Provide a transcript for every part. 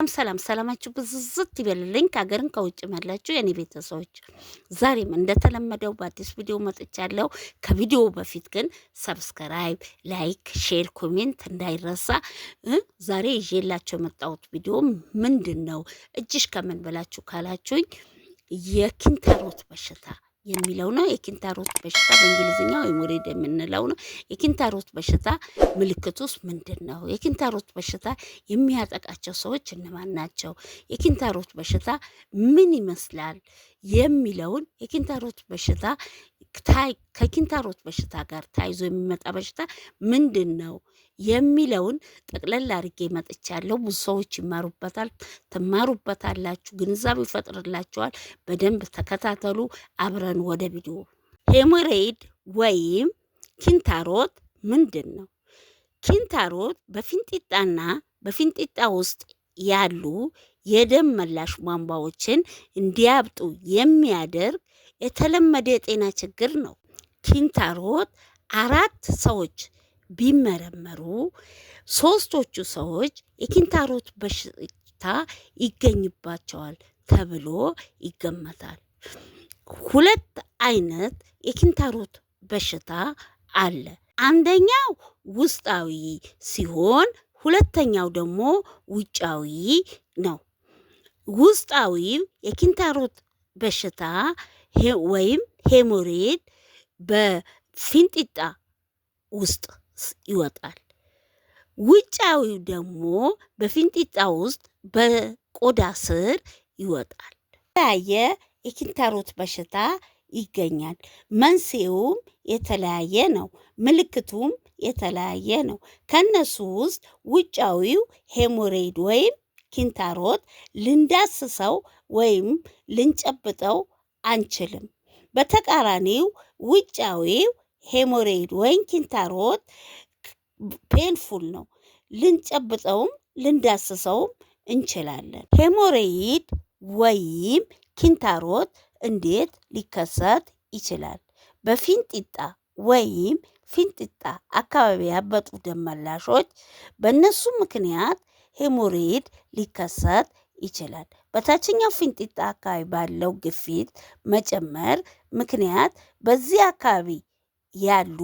ሰላም ሰላም ሰላማችሁ ብዝዝት ይበልልኝ። ከሀገርን ከውጭ መላችሁ የኔ ቤተሰቦች ዛሬም እንደተለመደው በአዲስ ቪዲዮ መጥቻለሁ። ከቪዲዮ በፊት ግን ሰብስክራይብ፣ ላይክ፣ ሼር፣ ኮሜንት እንዳይረሳ። ዛሬ ይዤላቸው የመጣሁት ቪዲዮ ምንድን ነው? እጅሽ ከምን ብላችሁ ካላችሁኝ የኪንተሮት በሽታ የሚለው ነው። የኪንታሮት በሽታ በእንግሊዝኛ ወይም ወሬድ የምንለው ነው። የኪንታሮት በሽታ ምልክቱስ ምንድን ነው? የኪንታሮት በሽታ የሚያጠቃቸው ሰዎች እነማን ናቸው? የኪንታሮት በሽታ ምን ይመስላል? የሚለውን የኪንታሮት በሽታ ከኪንታሮት በሽታ ጋር ተያይዞ የሚመጣ በሽታ ምንድን ነው የሚለውን ጠቅለል አድርጌ መጥቻለሁ። ብዙ ሰዎች ይማሩበታል፣ ትማሩበታላችሁ፣ ግንዛቤ ይፈጥርላችኋል። በደንብ ተከታተሉ። አብረን ወደ ቪዲዮ። ሄሞሬይድ ወይም ኪንታሮት ምንድን ነው? ኪንታሮት በፊንጢጣና በፊንጢጣ ውስጥ ያሉ የደም መላሽ ቧንቧዎችን እንዲያብጡ የሚያደርግ የተለመደ የጤና ችግር ነው። ኪንታሮት አራት ሰዎች ቢመረመሩ ሶስቶቹ ሰዎች የኪንታሮት በሽታ ይገኝባቸዋል ተብሎ ይገመታል። ሁለት አይነት የኪንታሮት በሽታ አለ። አንደኛው ውስጣዊ ሲሆን ሁለተኛው ደግሞ ውጫዊ ነው። ውስጣዊ የኪንታሮት በሽታ ወይም ሄሞሬድ በፊንጢጣ ውስጥ ይወጣል። ውጫዊው ደግሞ በፊንጢጣ ውስጥ በቆዳ ስር ይወጣል። የተለያየ የኪንታሮት በሽታ ይገኛል። መንስኤውም የተለያየ ነው። ምልክቱም የተለያየ ነው። ከነሱ ውስጥ ውጫዊው ሄሞሬድ ወይም ኪንታሮት ልንዳስሰው ወይም ልንጨብጠው አንችልም። በተቃራኒው ውጫዊው ሄሞሬይድ ወይም ኪንታሮት ፔንፉል ነው። ልንጨብጠውም ልንዳስሰውም እንችላለን። ሄሞሬይድ ወይም ኪንታሮት እንዴት ሊከሰት ይችላል? በፊንጢጣ ወይም ፊንጢጣ አካባቢ ያበጡ ደም መላሾች፣ በእነሱ ምክንያት ሄሞሬይድ ሊከሰት ይችላል። በታችኛው ፊንጢጣ አካባቢ ባለው ግፊት መጨመር ምክንያት በዚህ አካባቢ ያሉ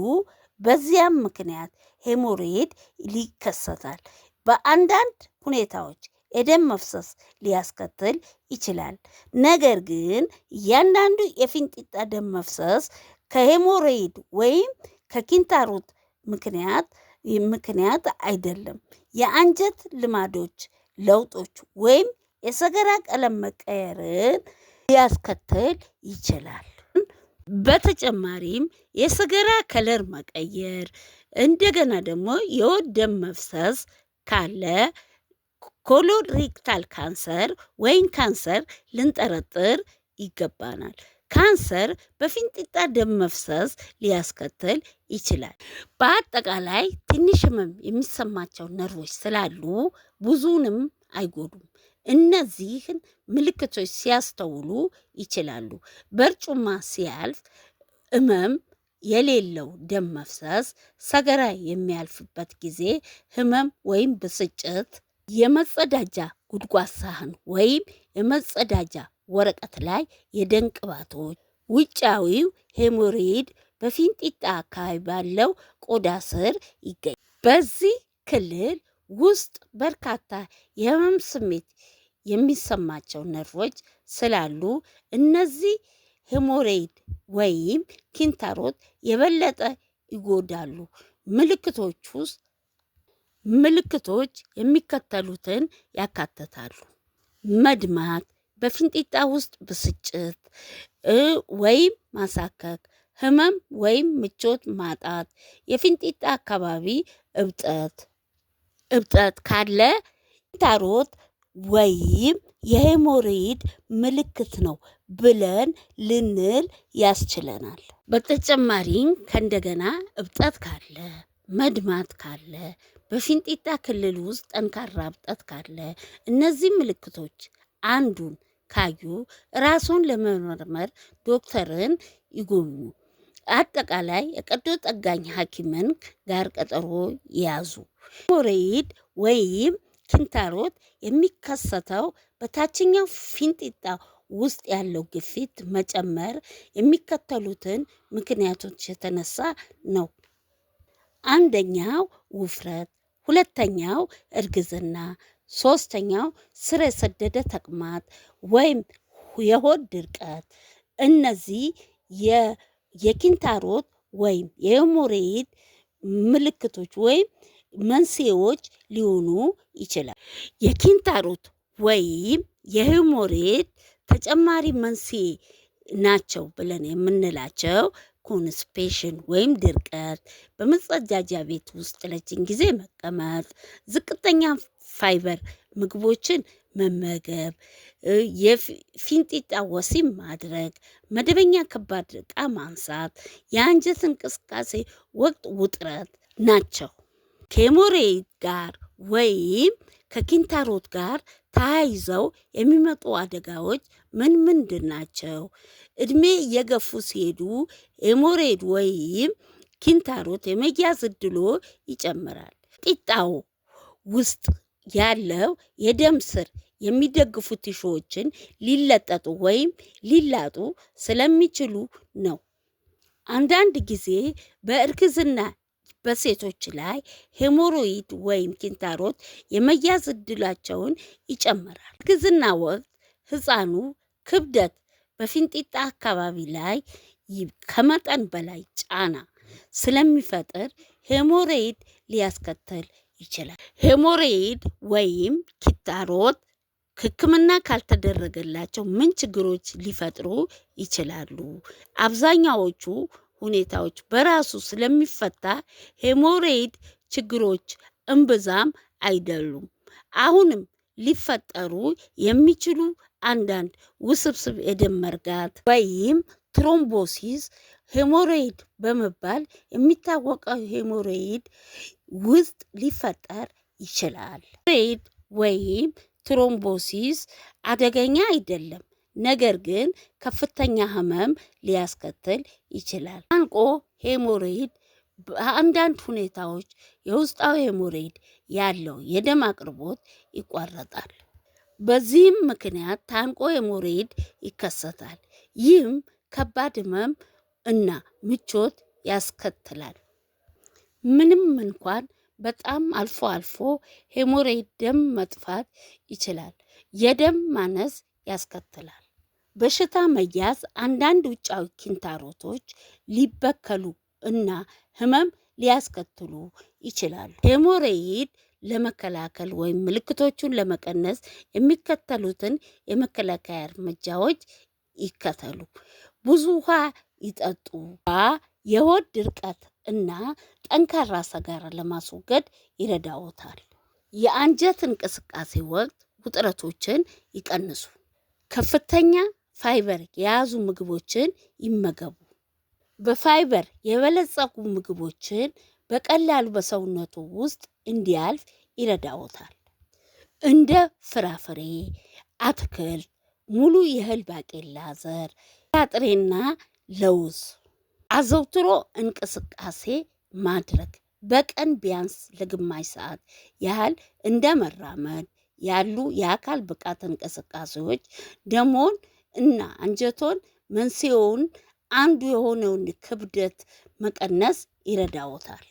በዚያም ምክንያት ሄሞሬድ ይከሰታል። በአንዳንድ ሁኔታዎች የደም መፍሰስ ሊያስከትል ይችላል። ነገር ግን እያንዳንዱ የፊንጢጣ ደም መፍሰስ ከሄሞሬድ ወይም ከኪንታሮት ምክንያት ምክንያት አይደለም። የአንጀት ልማዶች ለውጦች ወይም የሰገራ ቀለም መቀየርን ሊያስከትል ይችላል። በተጨማሪም የሰገራ ከለር መቀየር፣ እንደገና ደግሞ የወድ ደም መፍሰስ ካለ ኮሎሬክታል ካንሰር ወይም ካንሰር ልንጠረጥር ይገባናል። ካንሰር በፊንጢጣ ደም መፍሰስ ሊያስከትል ይችላል። በአጠቃላይ ትንሽ ህመም የሚሰማቸው ነርቮች ስላሉ ብዙንም አይጎዱም። እነዚህን ምልክቶች ሲያስተውሉ ይችላሉ። በርጩማ ሲያልፍ እመም የሌለው ደም መፍሰስ፣ ሰገራ የሚያልፍበት ጊዜ ህመም ወይም ብስጭት፣ የመጸዳጃ ጉድጓድ ሳህን ወይም የመጸዳጃ ወረቀት ላይ የደም ቅባቶች፣ ውጫዊው ሄሞሪድ በፊንጢጣ አካባቢ ባለው ቆዳ ስር ይገኛል። በዚህ ክልል ውስጥ በርካታ የህመም ስሜት የሚሰማቸው ነርቮች ስላሉ እነዚህ ሄሞሬይድ ወይም ኪንታሮት የበለጠ ይጎዳሉ። ምልክቶች ውስጥ ምልክቶች የሚከተሉትን ያካተታሉ መድማት፣ በፊንጢጣ ውስጥ ብስጭት ወይም ማሳከክ፣ ህመም ወይም ምቾት ማጣት፣ የፊንጢጣ አካባቢ እብጠት እብጠት ካለ ታሮት ወይም የሄሞሬድ ምልክት ነው ብለን ልንል ያስችለናል። በተጨማሪም ከእንደገና እብጠት ካለ መድማት ካለ በፊንጢጣ ክልል ውስጥ ጠንካራ እብጠት ካለ እነዚህ ምልክቶች አንዱን ካዩ ራሱን ለመመርመር ዶክተርን ይጎብኙ። አጠቃላይ የቀዶ ጠጋኝ ሐኪምን ጋር ቀጠሮ ያዙ። ሞሬይድ ወይም ኪንታሮት የሚከሰተው በታችኛው ፊንጢጣ ውስጥ ያለው ግፊት መጨመር የሚከተሉትን ምክንያቶች የተነሳ ነው። አንደኛው ውፍረት፣ ሁለተኛው እርግዝና፣ ሶስተኛው ስር የሰደደ ተቅማጥ ወይም የሆድ ድርቀት። እነዚህ የኪንታሮት ወይም የሞሬድ ምልክቶች ወይም መንስኤዎች ሊሆኑ ይችላል። የኪንታሮት ወይም የሂሞሬድ ተጨማሪ መንስኤ ናቸው ብለን የምንላቸው ኮንስፔሽን ወይም ድርቀት፣ በመጸዳጃ ቤት ውስጥ ለረጅም ጊዜ መቀመጥ፣ ዝቅተኛ ፋይበር ምግቦችን መመገብ፣ የፊንጢጣ ወሲብ ማድረግ፣ መደበኛ ከባድ ዕቃ ማንሳት፣ የአንጀት እንቅስቃሴ ወቅት ውጥረት ናቸው። ከሄሞሬይድ ጋር ወይም ከኪንታሮት ጋር ተያይዘው የሚመጡ አደጋዎች ምን ምንድን ናቸው? እድሜ እየገፉ ሲሄዱ ሄሞሬይድ ወይም ኪንታሮት የመያዝ እድሎ ይጨምራል። ጢጣው ውስጥ ያለው የደም ስር የሚደግፉ ቲሾዎችን ሊለጠጡ ወይም ሊላጡ ስለሚችሉ ነው። አንዳንድ ጊዜ በእርግዝና በሴቶች ላይ ሄሞሮይድ ወይም ኪንታሮት የመያዝ እድላቸውን ይጨምራል። እርግዝና ወቅት ህፃኑ ክብደት በፊንጢጣ አካባቢ ላይ ከመጠን በላይ ጫና ስለሚፈጥር ሄሞሮይድ ሊያስከትል ይችላል። ሄሞሬይድ ወይም ኪታሮት ሕክምና ካልተደረገላቸው ምን ችግሮች ሊፈጥሩ ይችላሉ? አብዛኛዎቹ ሁኔታዎች በራሱ ስለሚፈታ ሄሞሬይድ ችግሮች እምብዛም አይደሉም። አሁንም ሊፈጠሩ የሚችሉ አንዳንድ ውስብስብ የደም መርጋት ወይም ትሮምቦሲስ ሄሞሮይድ በመባል የሚታወቀው ሄሞሮይድ ውስጥ ሊፈጠር ይችላል። ሬድ ወይም ትሮምቦሲስ አደገኛ አይደለም፣ ነገር ግን ከፍተኛ ህመም ሊያስከትል ይችላል። አንቆ ሄሞሬድ በአንዳንድ ሁኔታዎች የውስጣዊ ሄሞሬድ ያለው የደም አቅርቦት ይቋረጣል። በዚህም ምክንያት ታንቆ ሄሞሬድ ይከሰታል። ይህም ከባድ ህመም እና ምቾት ያስከትላል። ምንም እንኳን በጣም አልፎ አልፎ ሄሞሬድ ደም መጥፋት ይችላል፣ የደም ማነስ ያስከትላል። በሽታ መያዝ አንዳንድ ውጫዊ ኪንታሮቶች ሊበከሉ እና ህመም ሊያስከትሉ ይችላሉ። ሄሞሬይድ ለመከላከል ወይም ምልክቶቹን ለመቀነስ የሚከተሉትን የመከላከያ እርምጃዎች ይከተሉ። ብዙ ውሃ ይጠጡ። የሆድ ድርቀት እና ጠንካራ ሰጋራ ለማስወገድ ይረዳዎታል። የአንጀት እንቅስቃሴ ወቅት ውጥረቶችን ይቀንሱ። ከፍተኛ ፋይበር የያዙ ምግቦችን ይመገቡ። በፋይበር የበለጸጉ ምግቦችን በቀላሉ በሰውነቱ ውስጥ እንዲያልፍ ይረዳዎታል። እንደ ፍራፍሬ፣ አትክልት፣ ሙሉ የእህል ባቄላ ዘር፣ ጥራጥሬና ለውዝ አዘውትሮ እንቅስቃሴ ማድረግ በቀን ቢያንስ ለግማሽ ሰዓት ያህል እንደ መራመድ ያሉ የአካል ብቃት እንቅስቃሴዎች ደሞን እና አንጀቶን መንስኤውን አንዱ የሆነውን ክብደት መቀነስ ይረዳዎታል።